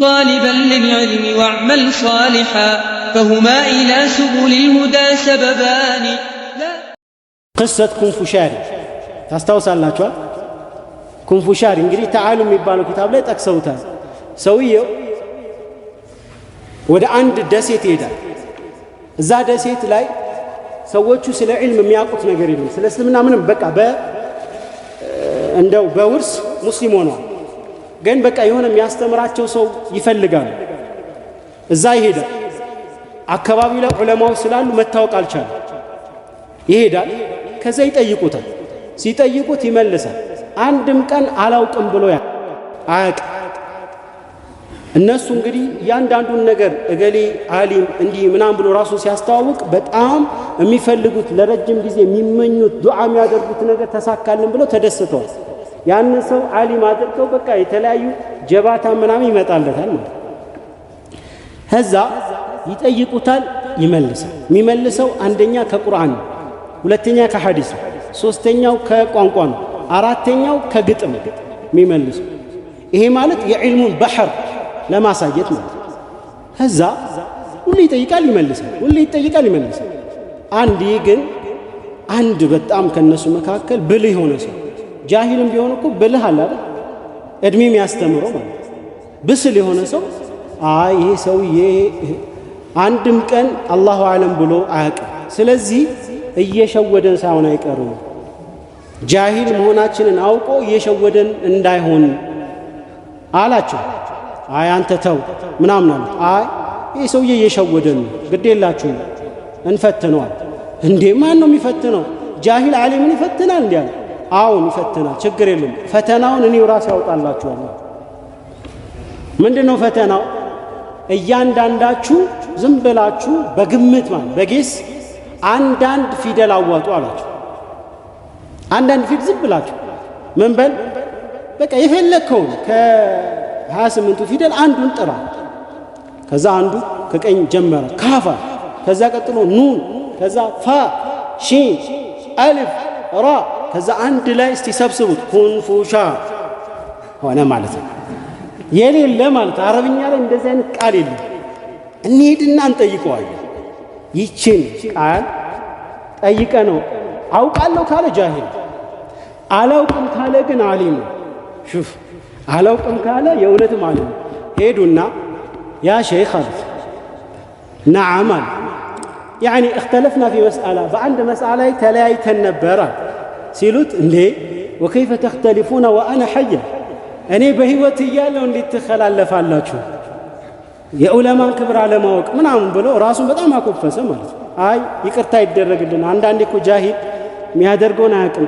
طالبا للعلم واعمل صالحا فهما إلى سبل الهدى سببان قصة كونفوشاري تستوصى الله كونفوشاري انجري تعالوا من بانو كتاب ليت أكسوتا سويه ወደ አንድ ደሴት ይሄዳል እዛ لاي ላይ ሰዎቹ ስለ ዕልም የሚያውቁት ነገር የለም ስለ من ምንም በቃ እንደው በውርስ مسلمون ሆኗል ግን በቃ የሆነ የሚያስተምራቸው ሰው ይፈልጋሉ። እዛ ይሄዳል። አካባቢ ላይ ዑለማው ስላሉ መታወቅ አልቻለም። ይሄዳል። ከዛ ይጠይቁታል። ሲጠይቁት ይመልሳል። አንድም ቀን አላውቅም ብሎ አያቅ እነሱ እንግዲህ እያንዳንዱን ነገር እገሌ አሊም እንዲህ ምናም ብሎ ራሱ ሲያስተዋውቅ በጣም የሚፈልጉት ለረጅም ጊዜ የሚመኙት ዱዓ የሚያደርጉት ነገር ተሳካልን ብለው ተደስተዋል። ያንን ሰው አሊም አድርገው በቃ የተለያዩ ጀባታ ምናምን ይመጣለታል ማለት ከዛ ይጠይቁታል ይመልሳል የሚመልሰው አንደኛ ከቁርአን ሁለተኛ ከሐዲስ ነው ሶስተኛው ከቋንቋ ነው አራተኛው ከግጥም የሚመልሱ ይሄ ማለት የዕልሙን ባህር ለማሳየት ማለት ከዛ ሁሉ ይጠይቃል ይመልሳል ሁሉ ይጠይቃል ይመልሳል አንድ ግን አንድ በጣም ከነሱ መካከል ብልህ የሆነ ሰው ጃሂልም ቢሆን እኮ ብልህ አለ አይደል እድሜ የሚያስተምረው ማለት ብስል የሆነ ሰው አይ ይሄ ሰውዬ አንድም ቀን አላሁ አለም ብሎ አያውቅም። ስለዚህ እየሸወደን ሳይሆን አይቀርም። ጃሂል መሆናችንን አውቆ እየሸወደን እንዳይሆን አላቸው። አይ አንተ ተው ምናምን አሉት። አይ ይህ ሰውዬ እየሸወደን ግዴላችሁ፣ እንፈትነዋል። እንዴ ማን ነው የሚፈትነው? ጃሂል አሊምን ይፈትናል እንዲያለ አሁን ይፈትናል፣ ችግር የለም። ፈተናውን እኔው ራሴ ያውጣላችኋለሁ። ምንድን ነው ፈተናው? እያንዳንዳችሁ ዝም ብላችሁ በግምት ማለት በጌስ አንዳንድ ፊደል አዋጡ አላችሁ። አንዳንድ ፊደል ዝም ብላችሁ ምን በል በቃ የፈለግከውን ከሀያ ስምንቱ ፊደል አንዱን ጥራ። ከዛ አንዱ ከቀኝ ጀመረ ካፋ፣ ከዛ ቀጥሎ ኑን፣ ከዛ ፋ፣ ሺን፣ አልፍ፣ ራ ከዛ አንድ ላይ እስቲ ሰብስቡት ኩንፉሻ ሆነ ማለት ነው። የሌለ ማለት አረብኛ ላይ እንደዚህ አይነት ቃል የለም። እንሄድና እንጠይቀዋለን። ይችን ቃል ጠይቀ ነው አውቃለሁ ካለ ጃሂል፣ አላውቅም ካለ ግን አሊም ሹፍ አላውቅም ካለ የእውነትም አሊም ነው። ሄዱና ያ ሼክ አሉት፣ ነዓም አለ ያኒ እክተለፍና ፊ መስአላ በአንድ መስአላ ላይ ተለያይተን ነበራል ሲሉት እንዴ ወከይፈ ተኽተሊፉነ ወአነ ሐየ እኔ በህይወት እያለው እንዴት ትከላለፋላችሁ? የዑለማን ክብር አለማወቅ ምናምን ብሎ ራሱን በጣም አኮፈሰ ማለት ነው። አይ ይቅርታ ይደረግልን። አንዳንዴ እኮ ጃሂል የሚያደርገውን አያውቅም።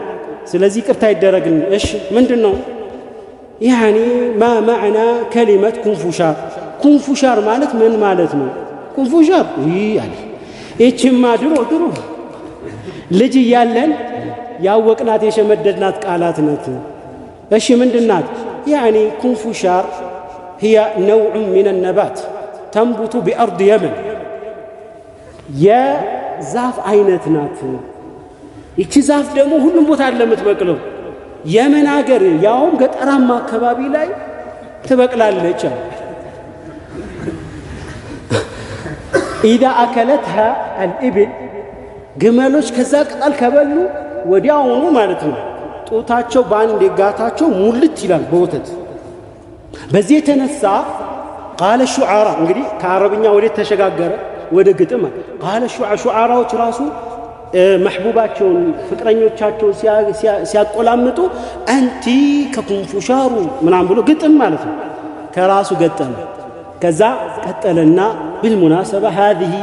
ስለዚህ ይቅርታ ይደረግልን። እሺ ምንድን ነው ያኒ ማ ማዕና ከሊመት ኩንፉሻር? ኩንፉሻር ማለት ምን ማለት ነው? ኩንፉሻር ይህ ይችማ ድሮ ድሮ ልጅ እያለን ያወቅናት የሸመደድናት ቃላት ነት እሺ ምንድናት ያኒ ኩንፉ ሻር هي نوع ምን النبات تنبت بأرض የዛፍ አይነት ናት። ይቺ ዛፍ ደግሞ ሁሉም ቦታ ለምትበቅለው የመን አገር ያውም ገጠራማ አካባቢ ላይ ትበቅላለች። ኢዳ አከለትሃ አልኢብል ግመሎች ከዛ ቅጠል ከበሉ ወዲያውኑ ማለት ነው ጡታቸው በአንድ ጋታቸው ሙልት ይላል በወተት በዚህ የተነሳ ቃለ ሹዓራ እንግዲህ ከአረብኛ ወደ ተሸጋገረ ወደ ግጥም ቃለ ሹዓራዎች ራሱ መሕቡባቸውን ፍቅረኞቻቸውን ሲያቆላምጡ አንቲ ከኩንፉሻሩ ምናም ብሎ ግጥም ማለት ነው ከራሱ ገጠመ ከዛ ቀጠለና بالمناسبة هذه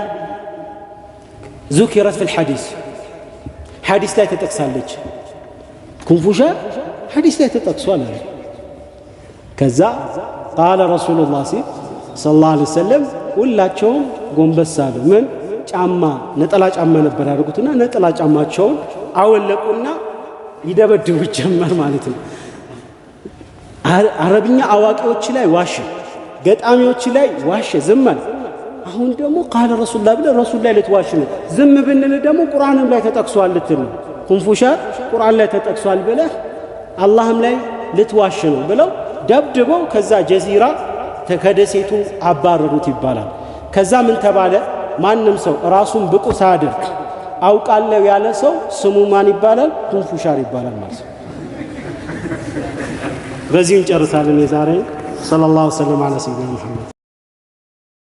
ذكرت في الحديث ሐዲስ ላይ ተጠቅሳለች። ኩንፉሻ ሐዲስ ላይ ተጠቅሷል አለ። ከዛ ቃለ ረሱሉላህ ሲል ሰለላሁ ዐለይሂ ወሰለም ሁላቸውም ጎንበስ አሉ። ምን ጫማ ነጠላ ጫማ ነበር ያደርጉትና ነጠላ ጫማቸውን አወለቁና ይደበድቡ ጀመር ማለት ነው። አረብኛ አዋቂዎች ላይ ዋሸ፣ ገጣሚዎች ላይ ዋሸ፣ ዝመን አሁን ደግሞ ቃለ ረሱል ላይ ረሱል ላይ ልትዋሽ ነው። ዝም ብንል ደግሞ ቁርአንም ላይ ተጠቅሷል ልትል ነው። ኩንፉሻ ቁርአን ላይ ተጠቅሷል ብለህ አላህም ላይ ልትዋሽ ነው ብለው ደብድበው ከዛ ጀዚራ ከደሴቱ አባረሩት ይባላል። ከዛ ምን ተባለ? ማንም ሰው ራሱን ብቁ ሳያደርግ አውቃለሁ ያለ ሰው ስሙ ማን ይባላል? ኩንፉሻር ይባላል ማለት ነው። በዚህ እንጨርሳለን። የዛሬ ሰለላሁ ዐለይሂ ወሰለም አላ ሰይድና ሙሐመድ